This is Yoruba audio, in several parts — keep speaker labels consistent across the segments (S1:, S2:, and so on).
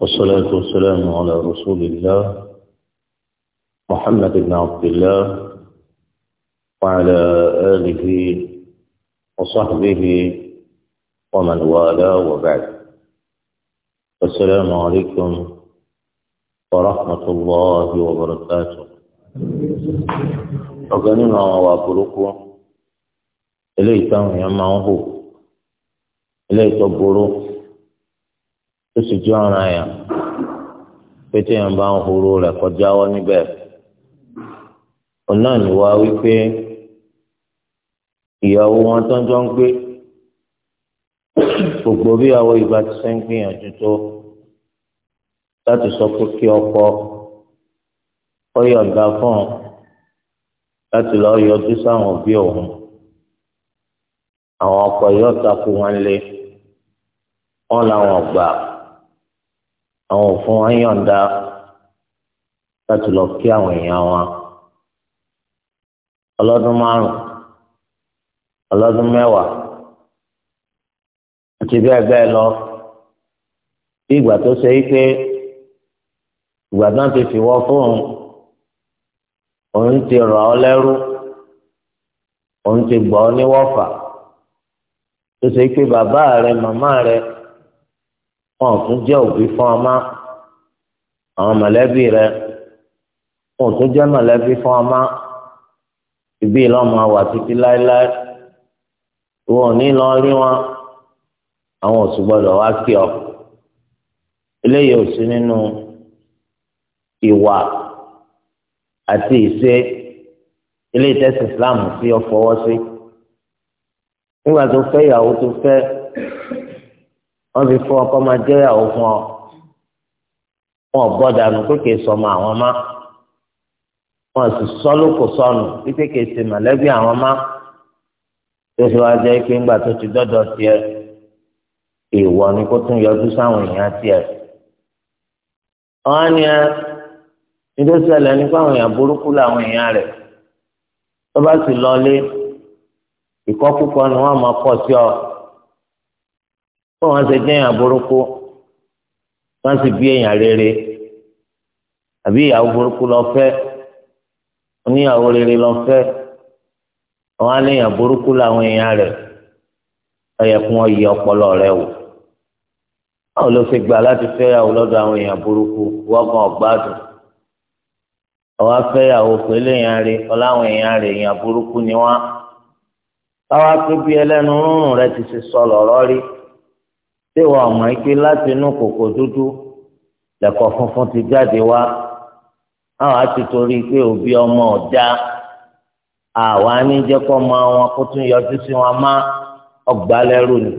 S1: والصلاة والسلام على رسول الله محمد بن عبد الله وعلى آله وصحبه ومن والاه وبعد السلام عليكم ورحمة الله وبركاته ọ̀gá nínú eléyìí táwọn èèyàn máa ń hù eléyìí tó burú tó sì jọ ara yàn pé téèyàn bá ń hurú rẹ̀ kọjá wọ níbẹ̀ ọ̀nà ìwà wípé ìyàwó wọn tó ń jọ ń gbé gbogbo bí àwọn ìgbà ti ṣe ń gbìyànjú tó láti sọ pé kí ọkọ ó yọ̀ǹda fún un láti lọ́ọ́ yọjú sáwọn òbí òun. àwọn ọkọ yóò takò wọn lé wọn làwọn gbà àwọn òfin wọn yọ̀ǹda láti lọ kí àwọn èèyàn wọn ọlọ́dún márùn ọlọ́dún mẹ́wàá àti bẹ́ẹ̀ bẹ́ẹ̀ lọ bí ìgbà tó ṣe pé ìgbà náà ti fi fóun òun ti rọ̀ ọ́ lẹ́rú òun ti gbọ́ ọ ní wọ́fà. tó ṣe pé bàbá rẹ màmá rẹ wọn ò tún jẹ́ òbí fún ọmọ àwọn mọ̀lẹ́bí rẹ wọn ò tún jẹ́ mọ̀lẹ́bí fún ọmọ ìbí lọ́mọ wà títí láéláé wọn ò ní lọ rí wọn àwọn ò sì gbọdọ̀ wá kí ọ eléyìí ò sí nínú ìwà àti ìṣe ilé ìtẹ́sí Islam sí ọ fọwọ́ sí. Si nígbà tó fẹ́ ìyàwó tó fẹ́ wọ́n fi fún ọkọ máa jẹ́ ìyàwó fún ọ wọn bọ́ dànù pé kìí sọmọ àwọn má wọn sì sọ lóko sọnù wípé kìí ṣe mọ̀lẹ́bí àwọn má tó fi wá jẹ́ pé ńgbà tó ti dọ́dọ̀ tiẹ̀ èèwọ̀ ni kó tún yọjú sáwọn èèyàn tiẹ̀ wọ́n ní ẹ nítorí ṣẹlẹ̀ nípa àwọn èèyàn burúkú làwọn èèyàn rẹ̀ tó bá sì lọ lé ìkọkúkọ ni wọ́n máa pọ̀ sí ọ kó wọ́n ṣe jẹ́yàn burúkú wọ́n sì bí èèyàn rere àbí ìyàwó burúkú lọ fẹ́ oníyàwó rere lọ fẹ́ àwọn aléèyàn burúkú làwọn èèyàn rẹ̀ ọyẹ kí wọ́n yẹ ọpọlọ rẹ̀ wò báwo ló ṣe gbà láti fẹ́yàwó lọ́dọ̀ àwọn èèyàn burúkú wọ́gàn ọ̀gbádùn ọwọ́ fẹ́yàwó pẹ̀lú èèyàn rẹ̀ ọláwọn èèyàn rẹ̀ èèyàn burúkú ni wọ́n á káwá pé bí ẹlẹ́nu rúnrún rẹ ti ṣe sọ lọ́rọ́ rí tí wọn mọ̀ ike láti inú kòkò dúdú lẹ́kọ̀ọ́ funfun ti jáde wá àwọn á ti torí pé òbí ọmọ ọ̀dá àwa ní jẹ́ kó mọ wọn kó tún yọjú sí wọn má ọgbà lẹ́rù ni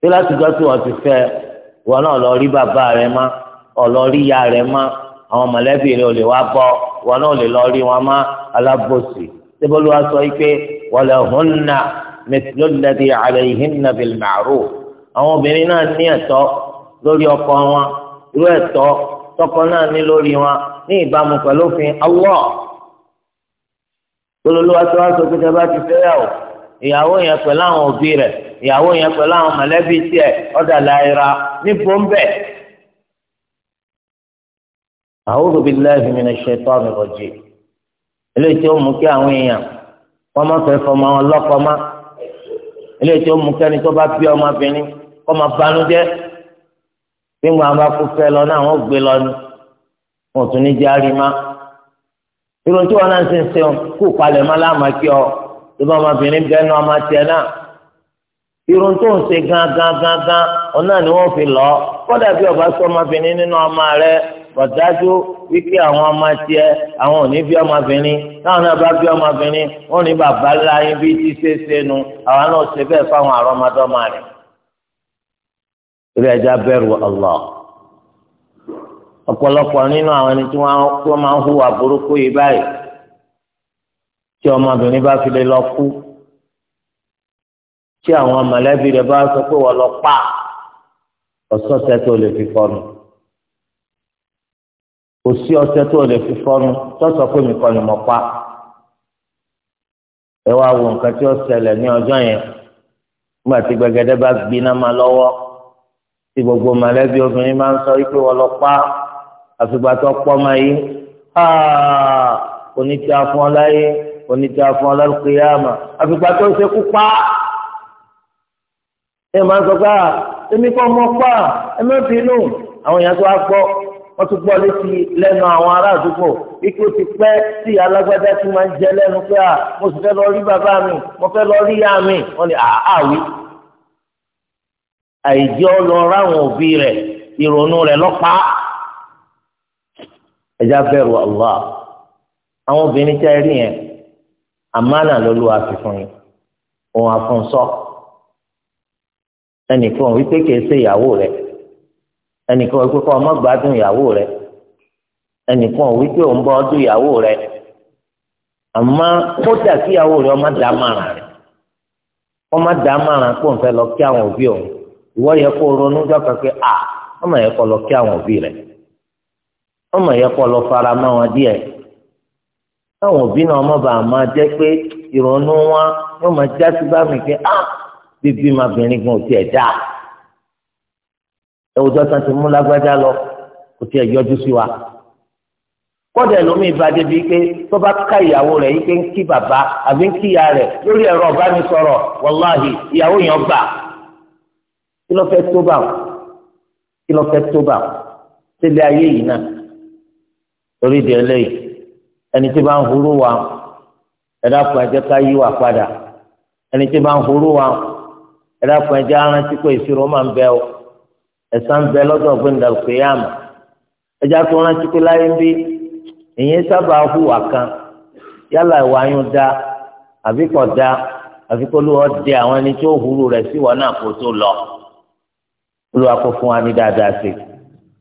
S1: tí láti gbọ́ tí wọ́n ti fẹ́ wọn náà lọ rí bàbá rẹ má ọ̀lọ́ rí ìyá rẹ má àwọn mọ̀lẹ́bí rẹ ò lè wá bọ́ wọn náà lè lọ rí wọn má alábòsí tẹ́bọ́lú wa sọ pé. ولهن مثل الذي عليهن بالمعروف àwọn obìnrin náà ní ẹ̀tọ́ lórí ọkọ wọn irú ẹ̀tọ́ tọkọ náà ní lórí wọn ní ìbámu pẹ̀lú òfin Allah olólùwà tí wàá sọ pé tẹ bá ti fẹ́yàwó ìyàwó yẹn pẹ̀lú àwọn òbí rẹ̀ ìyàwó yẹn pẹ̀lú àwọn mọ̀lẹ́bí tiẹ̀ ọ̀dà láìra ní bọ́ńbẹ́. A'udhu billahi minash shaitani rajim eléyìí tí mú kí àwọn èèyàn wọ́n máa fẹ́ fọmọ wọn lọ́kọ má ilé tí ó mú kẹ́ni tó bá bí ọmọbìnrin kọ́ máa banújẹ́ bí wọn bá kú fẹ́ lọ náà wọ́n gbé lọ ni wọn tún ní járe má irun tí wọn náà ń sìn sìn kú palẹ̀ má láàmà kí ọ tó bá ọmọbìnrin bẹ́ẹ̀ náà má tiẹ̀ náà irun tó ń ṣe gán gán gán gán ọ̀nà ni wọ́n fi lọ kọ́dà bí ọba sọ ọmọbìnrin nínú ọmọ rẹ̀ kọ̀dájú wípé àwọn ọmọ tiẹ̀ àwọn ò ní bí ọmọbìnrin táwọn náà bá bí ọmọbìnrin wọn ní bàbá ńlá yín bí tí ṣe ṣe nu àwọn náà ṣe bẹ́ẹ̀ fáwọn àrọ́mọdọ́mọ rẹ̀. ilé ẹja bẹ̀rù Allah ọ̀pọ̀lọpọ̀ nínú àwọn ẹni tí wọ́n máa ń hùwà burúkú yìí báyìí tí ọmọbìnrin bá fi lè lọ kú tí àwọn mọ̀lẹ́bí rẹ̀ bá sọ pé wọ́n lọ pa ọ̀sọ́tẹ̀ tó lè fi kọ́nu kò sí ọṣẹ tó o lè fi fọnu tọ́sọ̀ pé mi kọ́ ni mo pa ẹ wá wo nǹkan tí ó ṣẹlẹ̀ ní ọjọ́ yẹn nígbà tí gbẹgẹdẹ bá gbiná ma lọ́wọ́ tí gbogbo mọ̀lẹ́bí obìnrin máa ń sọ wípé wọ́n lọ pa àfìgbà tó pọ́ máa yí oníti afún ọ láyé oníti afún ọ lálùkìyàmà àfìgbà tó ṣekú pa ẹ máa ń sọ pé èmi kọ́ mọ́ pa ẹ má bínú àwọn èèyàn tó wá gbọ́ wọ́n tún gbọ́ létí lẹ́nu àwọn ará àdúgbò ikú ti pẹ́ tí alágbádá ti máa ń jẹ lẹ́nu pé à mo sì fẹ́ lọ rí bàbá mi mo fẹ́ lọ rí ìyá mi wọ́n ní àáwí. àìjẹ́ ọ ráwọn òbí rẹ̀ ìrònú rẹ̀ lọ́pàá. ẹja bẹ̀rù Allah àwọn obìnrin tẹ́ rí yẹn àmánà lọ́lọ́wọ́ àfihàn yìí òun àfọ̀nsọ́ ẹnìkan wípé kìí ṣe ìyàwó rẹ̀ ẹnìkan wípé kọ́ ọmọ gbádùn ìyàwó rẹ ẹnìkan wípé òun bọ́ ọdún ìyàwó rẹ àmọ́ kódà kí ìyàwó rẹ ọmọ dá màrà rẹ ọmọ dá màrà kó n fẹ́ lọ kí àwọn òbí òun ìwọ yẹ kó ronú dọ́kà pé à ọmọ yẹ kó lọ kí àwọn òbí rẹ ọmọ yẹ kó lọ fara mọ́ wọn díẹ̀ káwọn òbí náà ọmọ bàá máa jẹ́ pé ìrònú wọn yóò máa já bá mi pé à bíbí máa gan ò tiẹ̀ dáa ẹwùjọ́ tán ti mú lágbájá lọ kò tiẹ̀ yọjú sí wa kọ́dà ẹlòmíì bá débi pé tó bá ká ìyàwó rẹ̀ yìí pé ń kí bàbá àbí ń kí ìyá rẹ̀ lórí ẹ̀rọ ọ̀bánisọ̀rọ̀ wàláhì ìyàwó yẹn gbà kí ló fẹ́ tó bá wọn kí ló fẹ́ tó bá wọn sílẹ̀ ayé yìí náà torí di ẹlẹ́yìn ẹni tí bá ń hurú wa ẹ̀dá kan ẹ̀jẹ̀ ká yí wa padà ẹni tí bá ń hurú wa ẹ̀dá kan ẹ̀jẹ̀ arántí pé ìṣirò máa ń bẹ ọ́ ẹ̀san bẹ lọ́dọ̀ gbẹ̀ndà kéyàmù ẹja tó rántí pé láyé ń bí ìyẹn sábà hùwà kan yálà ìwà yín dá àbí kò dá àfi kó lóò dé àwọn ẹni tó hurú rẹ̀ sí wọn náà kó tó lọ Olúwa kó fún wa ní dáadáa sí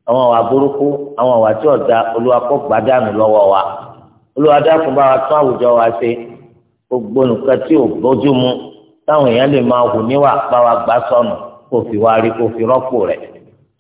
S1: àwọn àwà burúkú àwọn àwà tí ò Olúwa kó gbádànù lọ́wọ́ wa Olúwa dákun bá wa tún àwùjọ wa ṣe gbogbo nǹkan tí ò bójú mu táwọn èèyàn lè máa hù níwà bá wa gbá sọnù kó fi wá rí kó fi rọ́pò rẹ̀.